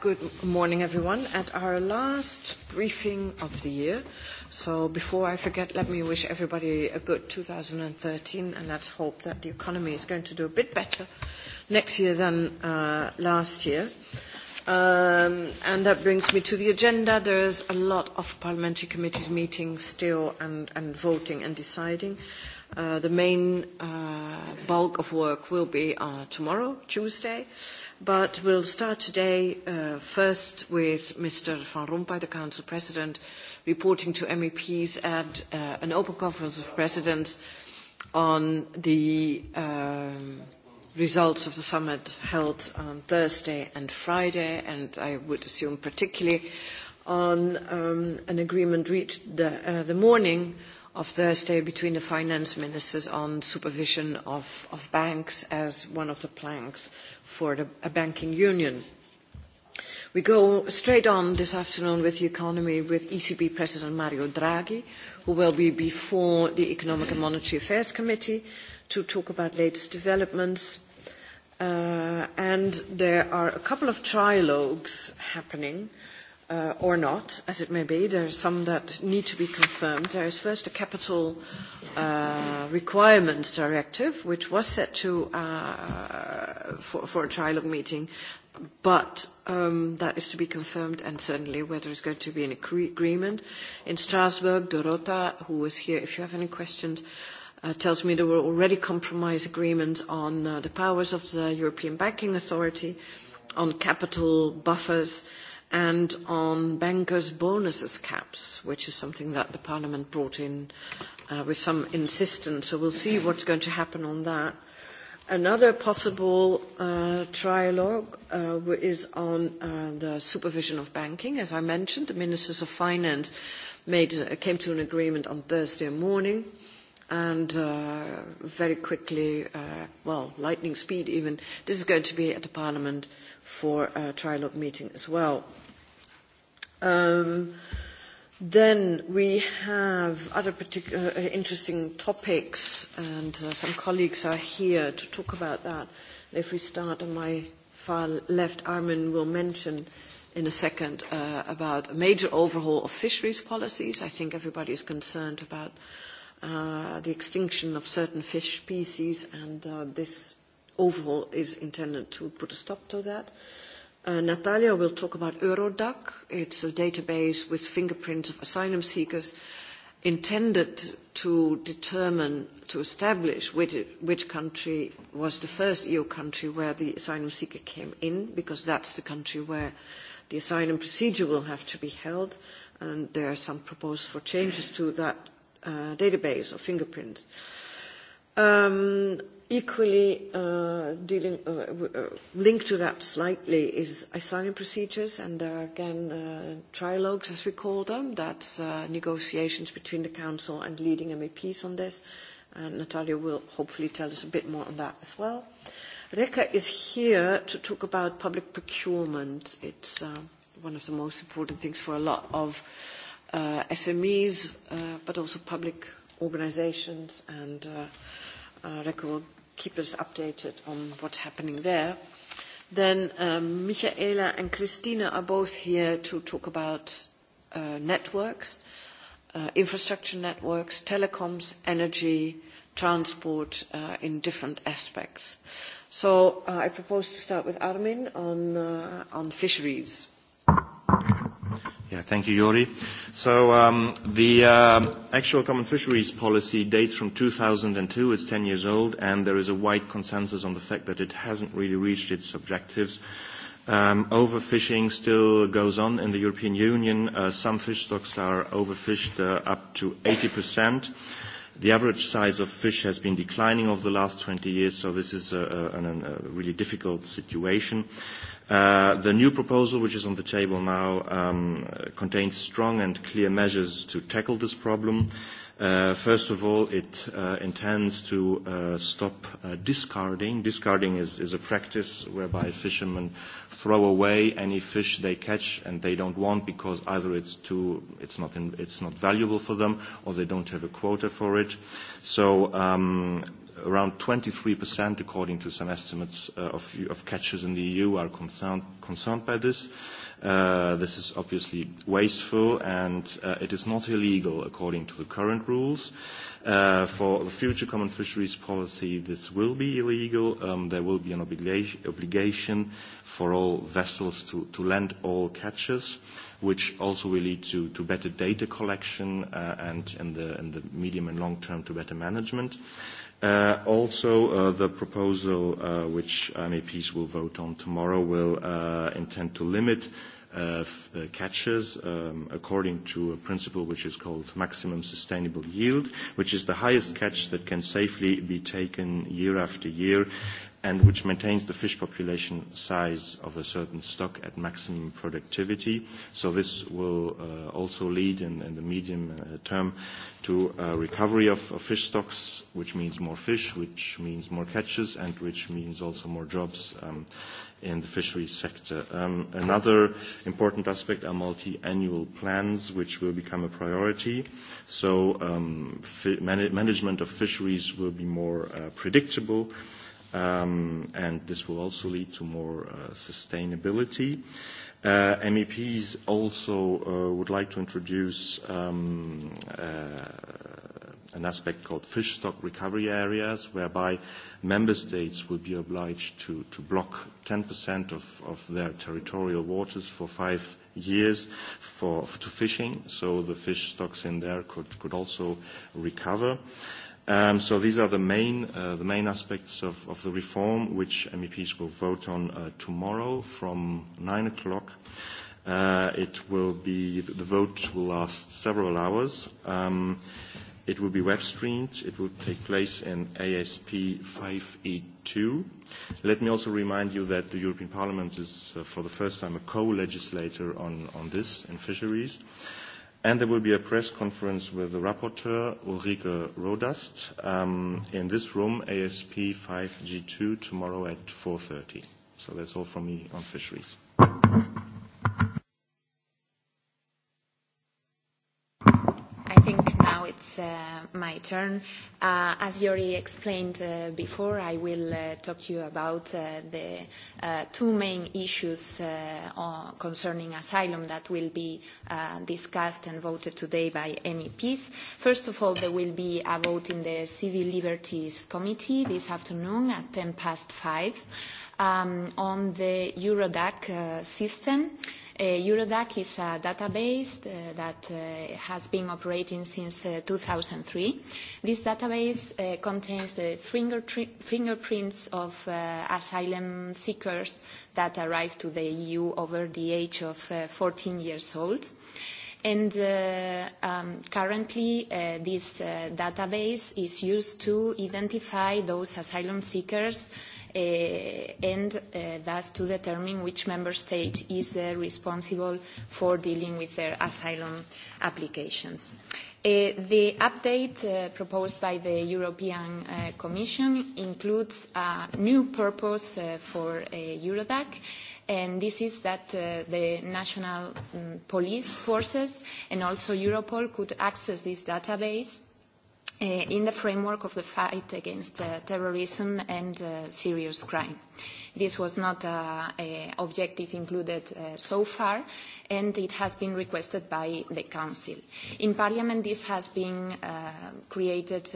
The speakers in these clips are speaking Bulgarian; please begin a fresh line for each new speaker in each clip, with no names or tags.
Good morning, everyone. At our last briefing of the year, so before I forget, let me wish everybody a good 2013, and let's hope that the economy is going to do a bit better next year than uh, last year and that brings me to the agenda. There is a lot of parliamentary committees meeting still and, and voting and deciding. Uh, the main uh, bulk of work will be uh, tomorrow, Tuesday, but we'll start today uh, first with Mr. Van Rompuy, the Council President, reporting to MEPs at uh, an open conference of presidents on the um, – results of the summit held on Thursday and Friday, and I would assume particularly on an agreement reached the, morning of Thursday between the finance ministers on supervision of, banks as one of the planks for a banking union. We go straight on this afternoon with the economy with ECB President Mario Draghi, who will be before the Economic and Monetary Affairs Committee to talk about latest developments. Uh, and there are a couple of trilogues happening, uh, or not, as it may be. There are some that need to be confirmed. There is first a capital uh, requirements directive, which was set to uh, for, for a trilogue meeting, but um, that is to be confirmed, and certainly whether is going to be an agreement. In Strasbourg, Dorota, who is here, if you have any questions, tells me there were already compromise agreements on the powers of the European Banking Authority, on capital buffers, and on bankers' bonuses caps, which is something that the Parliament brought in with some insistence. So we'll see what's going to happen on that. Another possible trialogue is on the supervision of banking. As I mentioned, the Ministers of Finance came to an agreement on Thursday morning and uh, very quickly, uh, well, lightning speed even, this is going to be at the Parliament for a trilogue meeting as well. Um, then we have other particular uh, interesting topics, and uh, some colleagues are here to talk about that. If we start on my far left, Armin will mention in a second uh, about a major overhaul of fisheries policies. I think everybody is concerned about uh, the extinction of certain fish species, and this overhaul is intended to put a stop to that. Natalia will talk about Eurodac. It's a database with fingerprints of asylum seekers intended to determine, to establish which, which country was the first EU country where the asylum seeker came in, because that's the country where the asylum procedure will have to be held. And there are some proposals for changes to that uh, database of fingerprints. Um, equally uh, dealing, uh, uh, linked to that slightly is asylum procedures, and there are again uh, trilogues, as we call them. That's uh, negotiations between the council and leading MEPs on this. And Natalia will hopefully tell us a bit more on that as well. Reka is here to talk about public procurement. It's uh, one of the most important things for a lot of uh, uh, SMEs, uh, but also public organizations and uh, uh, record keepers updated on what's happening there. Then um, Michaela and Christina are both here to talk about uh, networks, uh, infrastructure networks, telecoms, energy, transport uh, in different aspects. So uh, I propose to start with Armin on, uh, on fisheries.
Yeah, thank you, Jori. So um, the uh, actual common fisheries policy dates from 2002. It's 10 years old, and there is a wide consensus on the fact that it hasn't really reached its objectives. Um, overfishing still goes on in the European Union. Uh, some fish stocks are overfished uh, up to 80%. The average size of fish has been declining over the last 20 years, so this is a, a, a really difficult situation. The new proposal, which is on the table now, contains strong and clear measures to tackle this problem. First of all, it intends to stop discarding. Discarding is a practice whereby fishermen throw away any fish they catch and they don't want because either it's too, it's not, in, it's not valuable for them or they don't have a quota for it. So, around 23%, according to some estimates of catches in the EU, are concerned by this. This is obviously wasteful, and it is not illegal according to the current rules. For the future common fisheries policy, this will be illegal. There will be an obligation for all vessels to land all catches which also will lead to to better data collection uh and in the in the medium and long term to better management. Uh, also, uh, the proposal uh, which MEPs will vote on tomorrow will uh, intend to limit uh, catches um, according to a principle which is called maximum sustainable yield, which is the highest catch that can safely be taken year after year and which maintains the fish population size of a certain stock at maximum productivity. So this will uh, also lead in, in the medium uh, term to a recovery of, of fish stocks, which means more fish, which means more catches, and which means also more jobs um, in the fisheries sector. Um, another important aspect are multi-annual plans, which will become a priority. So um, fi- management of fisheries will be more uh, predictable um, and this will also lead to more uh, sustainability. Uh, MEPs also uh, would like to introduce um, uh, an aspect called fish stock recovery areas, whereby member states will be obliged to, to block 10% of, of their territorial waters for five years for, to fishing, so the fish stocks in there could, could also recover. Uh, Um, so these are the main, uh, the main aspects of, of the reform which MEPs will vote on uh, tomorrow from 9 o'clock. Uh, it will be, the vote will last several hours. Um, it will be web streamed. It will take place in ASP 5E2. Let me also remind you that the European Parliament is, uh, for the first time, a co-legislator on, on this in fisheries. Uh, And there will be a press conference with the rapporteur, Ulrike Rodast, in this room, ASP 5G2, tomorrow at 4.30. P.M. that's all from me on fisheries.
uh, my turn. Uh, as Yuri explained uh, before, I will uh, talk to you about uh, the uh, two main issues uh, concerning asylum that will be uh, discussed and voted today by MEPs. First of all, there will be a vote in the Civil Liberties Committee this afternoon at 10 past 5 um, on the Eurodac uh, system. Eurodac is a database that has been operating since 2003. This database contains the fingerprints of asylum seekers that arrived to the EU over the age of 14 years old. And Currently, this database is used to identify those asylum seekers and thus to determine which member state is responsible for dealing with their asylum applications. The update proposed by the European Commission includes a new purpose for Eurodac, and this is that the national police forces and also Europol could access this database in the framework of the fight against terrorism and serious crime. This was not an objective included so far, and it has been requested by the Council. In Parliament, this has been created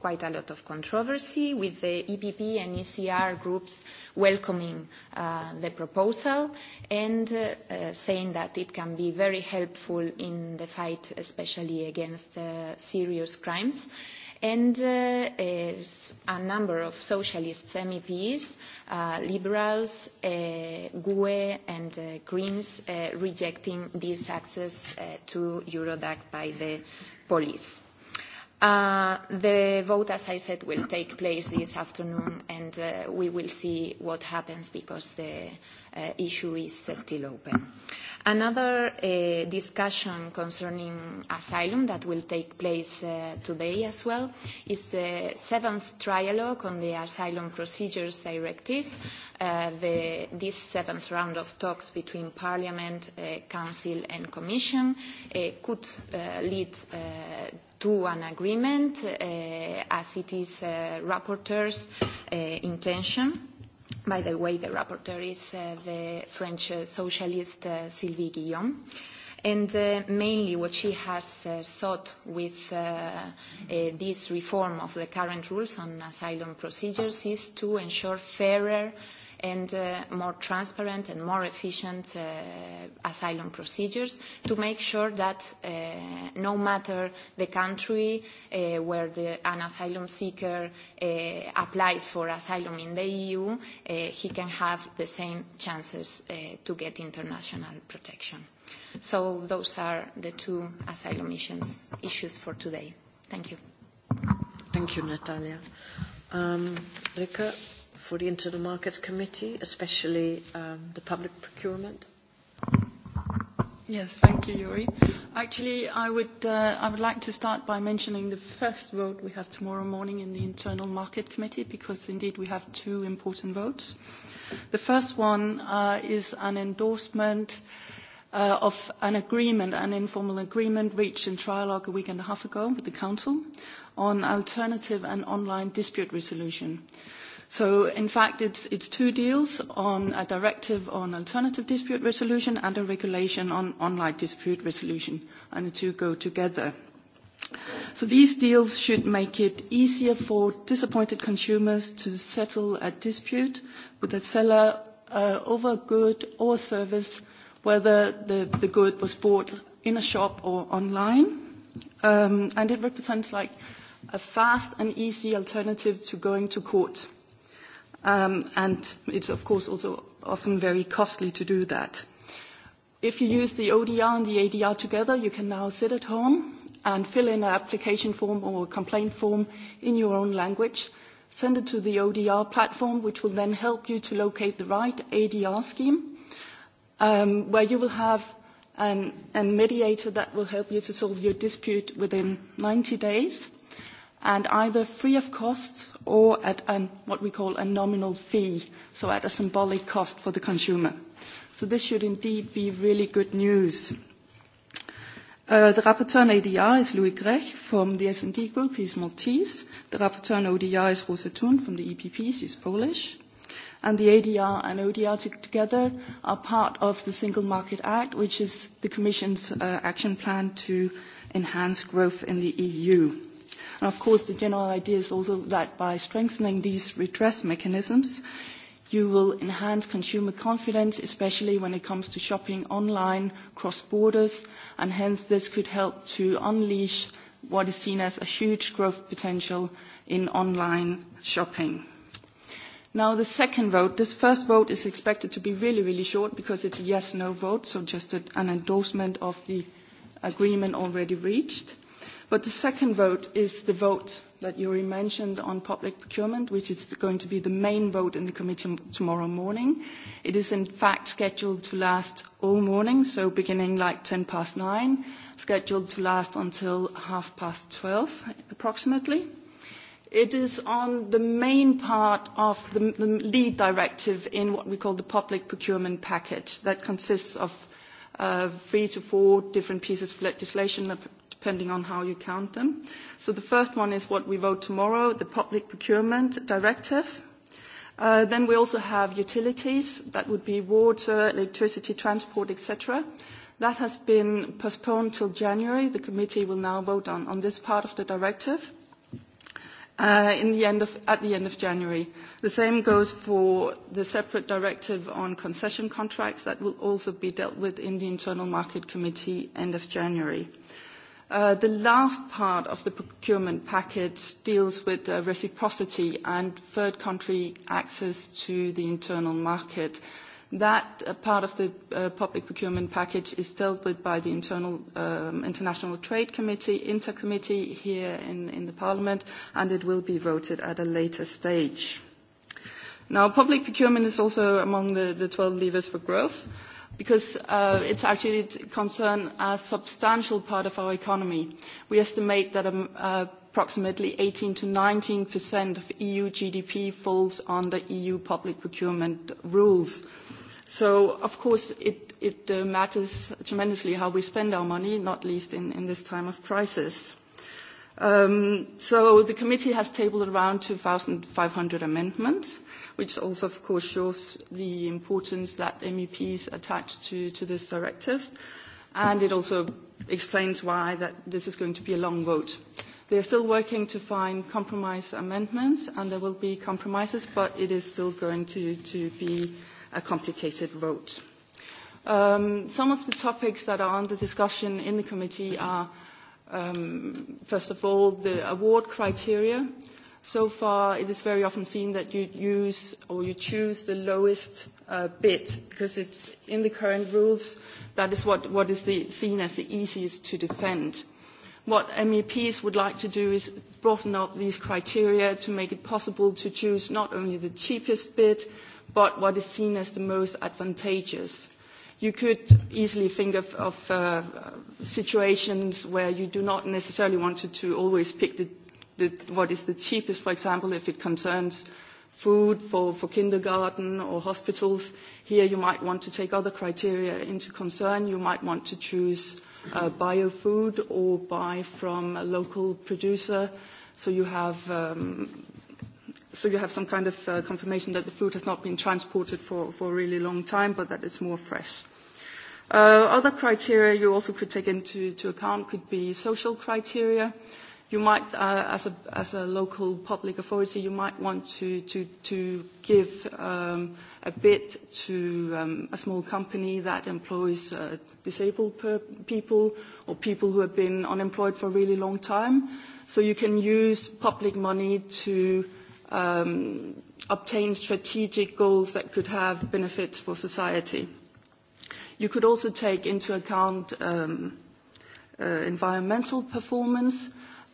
quite a lot of controversy, with the EPP and ECR groups welcoming the proposal and saying that it can be very helpful in the fight, especially against serious crimes and a number of socialist MEPs, liberals, GUE and Greens rejecting this access to Eurodac by the police. The vote, as I said, will take place this afternoon, and we will see what happens because the issue is still open. Another uh, discussion concerning asylum that will take place uh, today as well is the seventh trialogue on the Asylum Procedures Directive, uh, the, this seventh round of talks between Parliament, uh, Council and Commission uh, could uh, lead uh, to an agreement uh, as it is uh, rapporteur's uh, intention By the way, the rapporteur is uh, the French uh, socialist uh, Sylvie Guillaume. And uh, mainly what she has uh, sought with uh, uh, this reform of the current rules on asylum procedures is to ensure fairer and uh, more transparent and more efficient uh, asylum procedures to make sure that uh, no matter the country uh, where the, an asylum seeker uh, applies for asylum in the EU, uh, he can have the same chances uh, to get international protection. So those are the two asylum issues, issues for today.
Thank you. Thank you, Natalia. Um, Rika, for the Internal Market Committee, especially um, the public procurement?
Yes, thank you, Yuri. Actually, I would, uh, I would like to start by mentioning the first vote we have tomorrow morning in the Internal Market Committee, because indeed we have two important votes. The first one uh, is an endorsement uh, of an agreement, an informal agreement reached in trialogue a week and a half ago with the Council on alternative and online dispute resolution. So in fact, it's, it's two deals on a directive on alternative dispute resolution and a regulation on online dispute resolution, and the two go together. So these deals should make it easier for disappointed consumers to settle a dispute with a seller uh, over a good or service, whether the, the good was bought in a shop or online. Um, and it represents like a fast and easy alternative to going to court. Um, and it's, of course, also often very costly to do that. If you use the ODR and the ADR together, you can now sit at home and fill in an application form or a complaint form in your own language, send it to the ODR platform, which will then help you to locate the right ADR scheme, um, where you will have an, an mediator that will help you to solve your dispute within 90 days and either free of costs or at an, what we call a nominal fee, so at a symbolic cost for the consumer. So this should indeed be really good news. The rapporteur on ADR is Louis Grech from the S&D Group. He's Maltese. The rapporteur on ODR is Rosa Thun from the EPP. She's Polish. And the ADR and ODR together are part of the Single Market Act, which is the Commission's action plan to enhance growth in the EU. And of course, the general idea is also that by strengthening these redress mechanisms, you will enhance consumer confidence, especially when it comes to shopping online, cross borders, and hence this could help to unleash what is seen as a huge growth potential in online shopping. Now, the second vote, this first vote is expected to be really, really short because it's a yes/no vote, so just an endorsement of the agreement already reached. But the second vote is the vote that Yuri mentioned on public procurement, which is going to be the main vote in the committee tomorrow morning. It is in fact scheduled to last all morning, so beginning like 10 past nine, scheduled to last until half past 12 approximately. It is on the main part of the, the lead directive in what we call the public procurement package that consists of uh, three to four different pieces of legislation depending on how you count them. So the first one is what we vote tomorrow, the Public Procurement Directive. Uh, then we also have utilities, that would be water, electricity, transport, etc. That has been postponed till January. The committee will now vote on, on this part of the directive uh, in the end of, at the end of January. The same goes for the separate directive on concession contracts that will also be dealt with in the Internal Market Committee end of January. Uh, The last part of the procurement package deals with reciprocity and third country access to the internal market. That part of the public procurement package is dealt with by the International Trade Committee, Inter Committee here in the parliament, and it will be voted at a later stage. Now, public procurement is also among the 12 levers for growth, because uh, actually concerns a substantial part of our economy. We estimate that um, uh, approximately 18 to 19 percent of EU GDP falls under EU public procurement rules. So, of course, it, it uh, matters tremendously how we spend our money, not least in, in this time of crisis. Um, so the committee has tabled around 2,500 amendments which also, of course, shows the importance that MEPs attach to, to this directive. And it also explains why that this is going to be a long vote. They are still working to find compromise amendments, and there will be compromises, but it is still going to, to be a complicated vote. Um, some of the topics that are under discussion in the committee are, um, first of all, the award criteria. So far, it is very often seen that you use or you choose the lowest uh, bit because it's in the current rules that is what, what is the, seen as the easiest to defend. What MEPs would like to do is broaden up these criteria to make it possible to choose not only the cheapest bit, but what is seen as the most advantageous. You could easily think of, of uh, situations where you do not necessarily want to, to always pick the the, what is the cheapest, for example, if it concerns food for, for kindergarten or hospitals. Here you might want to take other criteria into concern. You might want to choose uh, biofood or buy from a local producer so you have um, so you have some kind of uh, confirmation that the food has not been transported for, for a really long time, but that it's more fresh. Uh, other criteria you also could take into to account could be social criteria you might, uh, as, a, as a local public authority, you might want to, to, to give um, a bid to um, a small company that employs uh, disabled per- people or people who have been unemployed for a really long time. So you can use public money to um, obtain strategic goals that could have benefits for society. You could also take into account um, uh, environmental performance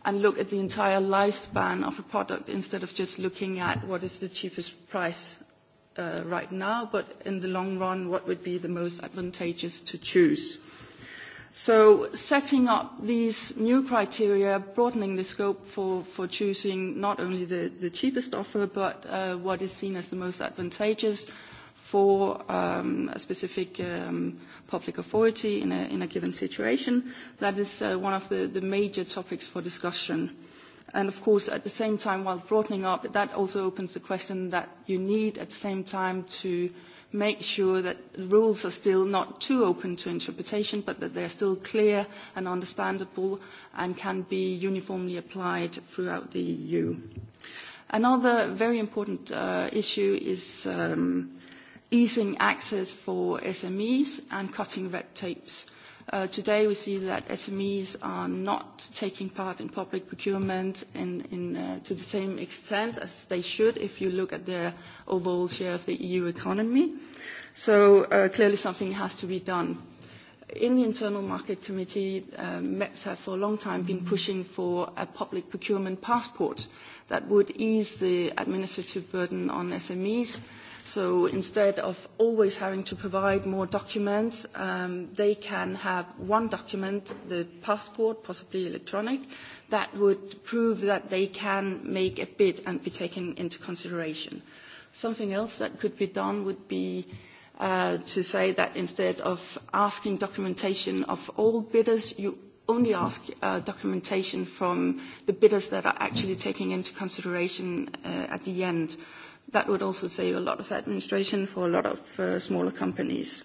and look at the entire lifespan of a product instead of just looking at what is the cheapest price uh, right now, but in the long run, what would be the most advantageous to choose. So setting up these new criteria, broadening the scope for, for choosing not only the, the cheapest offer, but uh, what is seen as the most advantageous, for um, a specific um, public authority in a, in a given situation. That is uh, one of the, the major topics for discussion. And of course, at the same time, while broadening up, that also opens the question that you need at the same time to make sure that the rules are still not too open to interpretation, but that they're still clear and understandable and can be uniformly applied throughout the EU. Another very important uh, issue is um, easing access for SMEs and cutting red tapes. Today, we see that SMEs are not taking part in public procurement to the same extent as they should if you look at their overall share of the EU economy. So Clearly something has to be done. In the Internal Market Committee, MEPs have for a long time been pushing for a public procurement passport that would ease the administrative burden on SMEs So instead of always having to provide more documents, um, they can have one document, the passport, possibly electronic, that would prove that they can make a bid and be taken into consideration. Something else that could be done would be uh, to say that instead of asking documentation of all bidders, you only ask uh, documentation from the bidders that are actually taking into consideration uh, at the end that would also save a lot of administration for a lot of uh, smaller companies.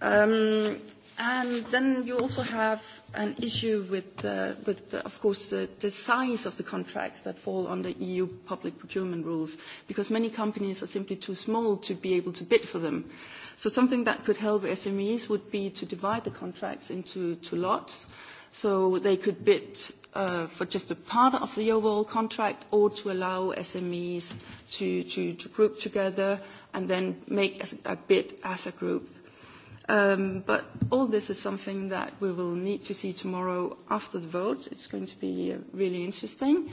Um, and then you also have an issue with, uh, with uh, of course, the, the size of the contracts that fall under EU public procurement rules, because many companies are simply too small to be able to bid for them. So something that could help SMEs would be to divide the contracts into two lots, so they could bid uh, for just a part of the overall contract, or to allow SMEs to, to, to group together and then make a, a bid as a group. Um, but all this is something that we will need to see tomorrow after the vote. It's going to be really interesting.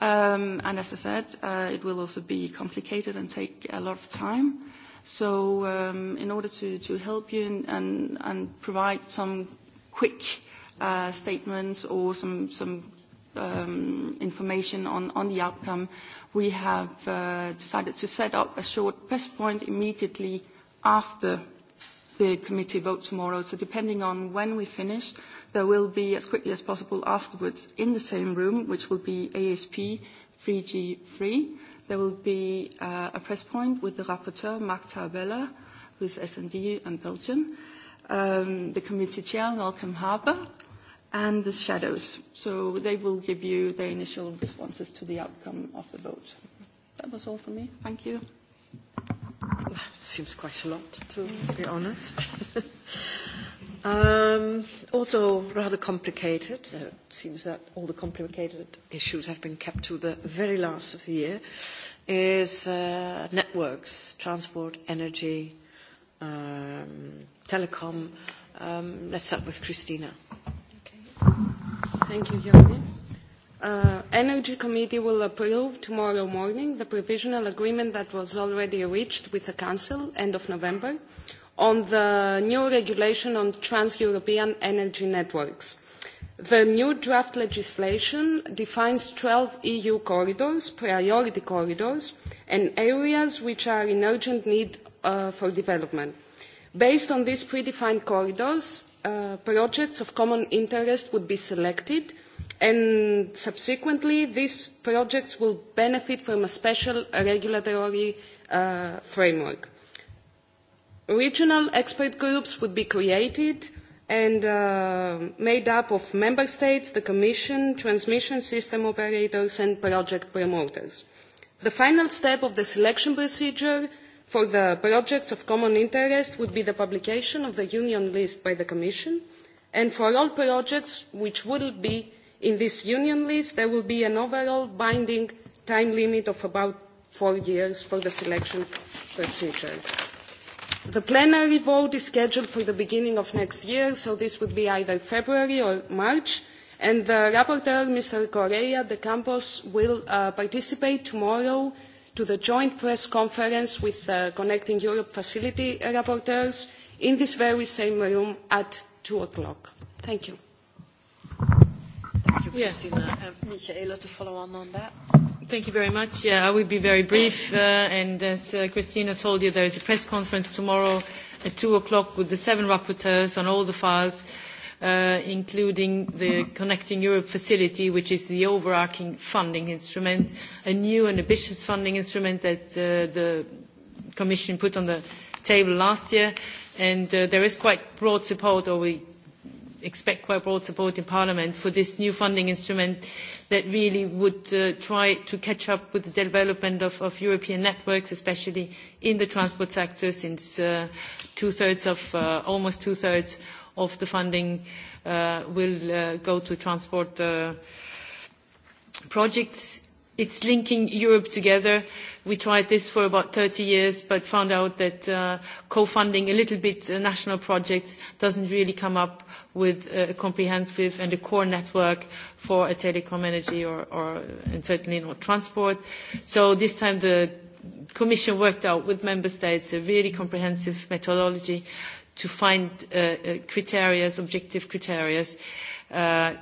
Um, and as I said, uh, it will also be complicated and take a lot of time. So um, in order to, to help you and, and, and provide some quick uh, statements or some, some um, information on, on the outcome, we have uh, decided to set up a short press point immediately after the committee vote tomorrow. So depending on when we finish, there will be, as quickly as possible afterwards, in the same room, which will be ASP 3G3, there will be uh, a press point with the rapporteur, Mark Tarabella, who is S&D and Belgian, um, the committee chair, Malcolm Harper, and the shadows. So they will give you the initial responses to the outcome of the vote.
That was all for me. Thank you. Seems quite a lot, to be honest. um, also rather complicated. So it seems that all the complicated issues have been kept to the very last of the year. Is uh, networks, transport, energy, um, telecom. Um, let's start with Christina. Thank you, Yoni.
Uh, Energy Committee will approve tomorrow morning the provisional agreement that was already reached with the Council end of November on the new regulation on trans-European energy networks. The new draft legislation defines twelve EU corridors, priority corridors, and areas which are in urgent need for development. Based on these predefined corridors, projects of common interest would be selected and subsequently these projects will benefit from a special regulatory framework. Regional expert groups would be created and made up of member states, the commission, transmission system operators and project promoters. The final step of the selection procedure for the projects of common interest would be the publication of the union list by the Commission, and for all projects which will be in this union list, there will be an overall binding time limit of about four years for the selection procedure. The plenary vote is scheduled for the beginning of next year, so this would be either February or March, and the rapporteur, Mr. Correa de Campos, will participate tomorrow to the joint press conference with the Connecting Europe Facility rapporteurs in this very same room at two o'clock. Thank you.
Thank you, Christina. Michaela, to follow on on that.
Thank you very much. Yeah, I will be very brief. Uh, and as uh, Christina told you, there is a press conference tomorrow at two o'clock with the seven rapporteurs on all the files including the Connecting Europe facility, which is the overarching funding instrument, a new and ambitious funding instrument that the Commission put on the table last year. And there is quite broad support, or we expect quite broad support in Parliament for this new funding instrument that really would try to catch up with the development of, European networks, especially in the transport sector, since two-thirds of, almost two-thirds of the funding will go to transport projects. It's linking Europe together. We tried this for about 30 years, but found out that co-funding a little bit national projects doesn't really come up with a comprehensive and a core network for a telecom energy or, or and certainly not transport. So this time the Commission worked out with member states a really comprehensive methodology to find uh, uh, criteria, objective criteria, uh,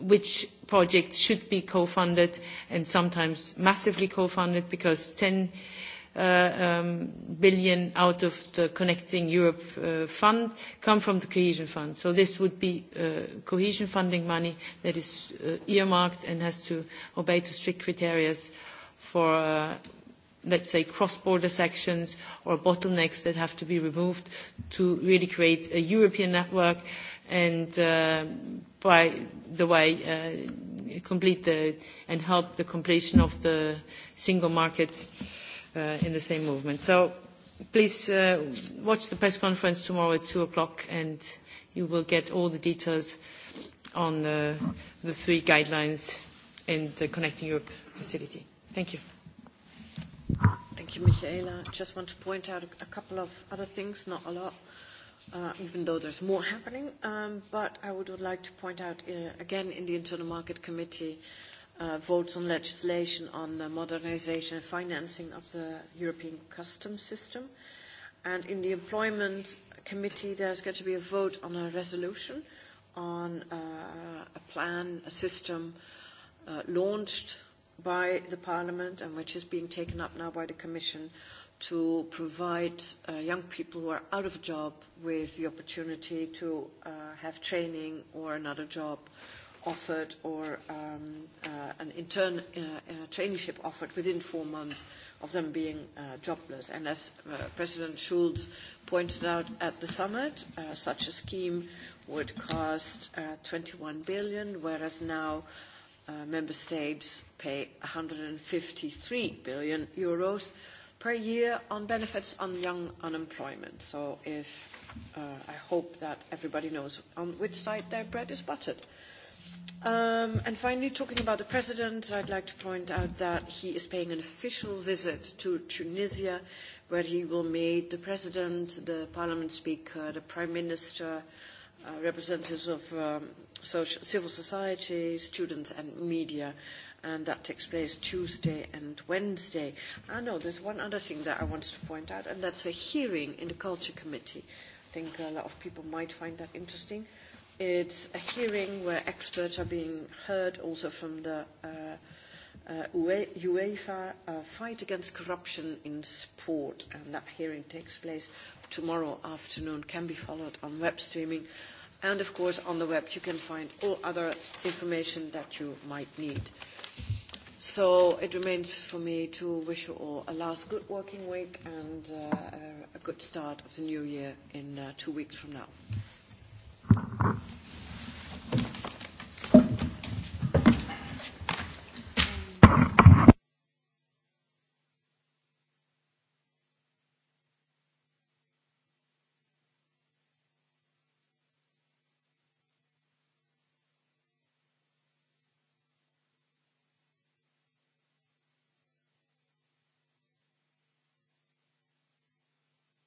which projects should be co-funded and sometimes massively co-funded because 10 billion out of the Connecting Europe fund come from the cohesion fund. So this would be cohesion funding money that is earmarked and has to obey to strict criteria for let's say, cross-border sections or bottlenecks that have to be removed to really create a European network and, uh, by the way, uh, complete the, and help the completion of the single market uh, in the same movement. So please uh, watch the press conference tomorrow at 2 o'clock and you will get all the details on the, the three guidelines in the Connecting Europe facility.
Thank you. Thank you, Michaela. Just want to point out a couple of other things, not a lot, uh, even though there's more happening. Um, but I would, would like to point out uh, again in the Internal Market Committee uh, votes on legislation on the modernization and financing of the European customs system. And in the Employment Committee, there's going to be a vote on a resolution on uh, a plan, a system uh, launched by the Parliament and which is being taken up now by the Commission to provide uh, young people who are out of a job with the opportunity to uh, have training or another job offered or um, uh, an intern uh, uh, traineeship offered within four months of them being uh, jobless. And as uh, President Schulz pointed out at the summit, uh, such a scheme would cost uh, 21 billion, whereas now member states pay 153 billion euros per year on benefits on young unemployment. So if uh, I hope that everybody knows on which side their bread is buttered. Um, and finally, talking about the president, I'd like to point out that he is paying an official visit to Tunisia, where he will meet the president, the parliament speaker, the prime minister, representatives of civil society, students and media and that takes place Tuesday and Wednesday. I know there's one other thing that I wanted to point out, and that's a hearing in the Culture Committee. I think a lot of people might find that interesting. It's a hearing where experts are being heard, also from the uh, UEFA Fight Against Corruption in Sport, and that hearing takes place tomorrow afternoon, can be followed on web streaming. And of course, on the web, you can find all other information that you might need. So it remains for me to wish you all a last good working week and uh, a good start of the new year in uh, two weeks from now.